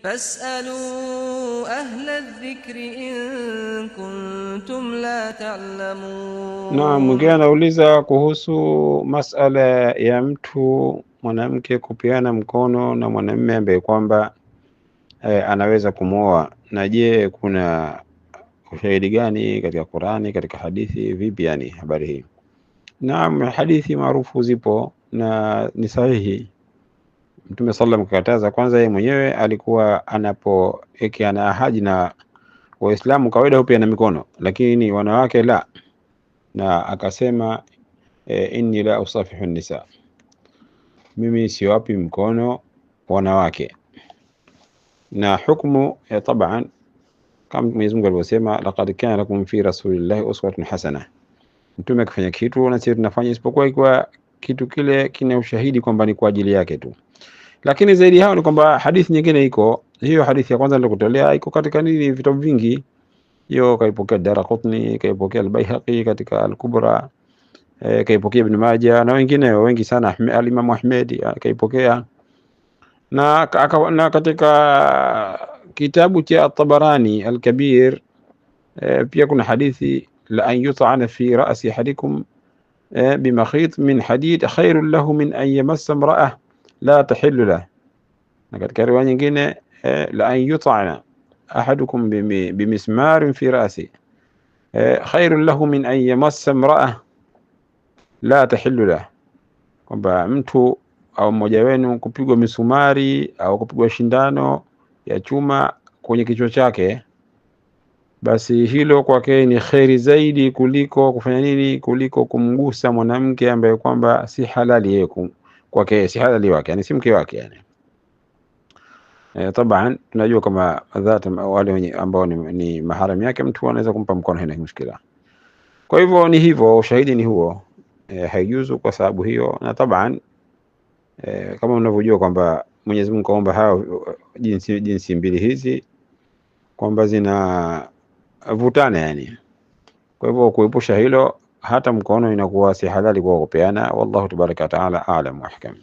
Fasalu ahla dhikri in kuntum la ta'lamun. Naam, mwingine anauliza kuhusu masala ya mtu mwanamke kupeana mkono na mwanamume ambaye kwamba eh, anaweza kumwoa. Na je, kuna ushahidi gani katika Qur'ani, katika hadithi? Vipi yani habari hii? Naam, hadithi maarufu zipo na ni sahihi Mtume sallam kakataza. Kwanza yeye mwenyewe alikuwa anapo eke ana ahadi na Waislamu kawaida hupe na mikono, lakini wanawake la, na akasema e, inni la usafihu nisa, mimi siwapi mkono wanawake. Na hukumu ya taban kama Mwenyezi Mungu alivyosema, laqad kana lakum fi rasulillahi uswatun hasana. Mtume akifanya kitu na sisi tunafanya, isipokuwa ikiwa kitu kile kina ushahidi kwamba ni kwa ajili yake tu. Lakini zaidi hao ni kwamba hadithi nyingine iko hiyo, hadithi ya kwanza nilikutolea iko katika nini, vitabu vingi. Hiyo kaipokea Daraqutni, kaipokea Al-Baihaqi katika Al-Kubra, e, kaipokea Ibn Majah na wengine wengi sana, Al-Imam Ahmed kaipokea na, na katika kitabu cha Tabarani Al-Kabir e, pia kuna hadithi la an yut'ana fi ra'si ahadikum e, eh, bimakhit min hadid khairun lahu min an yamassa imra'ah la tahillu lah, na katika riwaya nyingine eh, la an yut'ana ahadukum bimismarin fi rasi eh, khairu lahu min an yamassa imra'a la tahillu lah, kwamba mtu au mmoja wenu kupigwa misumari au kupigwa shindano ya chuma kwenye kichwa chake, basi hilo kwake ni kheri zaidi kuliko kufanya nini, kuliko kumgusa mwanamke ambaye kwamba si halali yeye kwake si halali wake, yani si mke wake yani. E, taban tunajua kama dhati wale ambao ni, ni maharamu yake mtu anaweza kumpa mkono, haina mushkila. Kwa hivyo ni hivyo, ushahidi ni huo. E, haijuzu kwa sababu hiyo, na taban e, kama unavyojua kwamba Mwenyezi Mungu kaomba hao jinsi, jinsi mbili hizi kwamba zinavutana yani. Kwa hivyo kuepusha hilo hata mkono inakuwa si halali kwa kupeana. Wallahu tabaraka wataala alam wa hakim.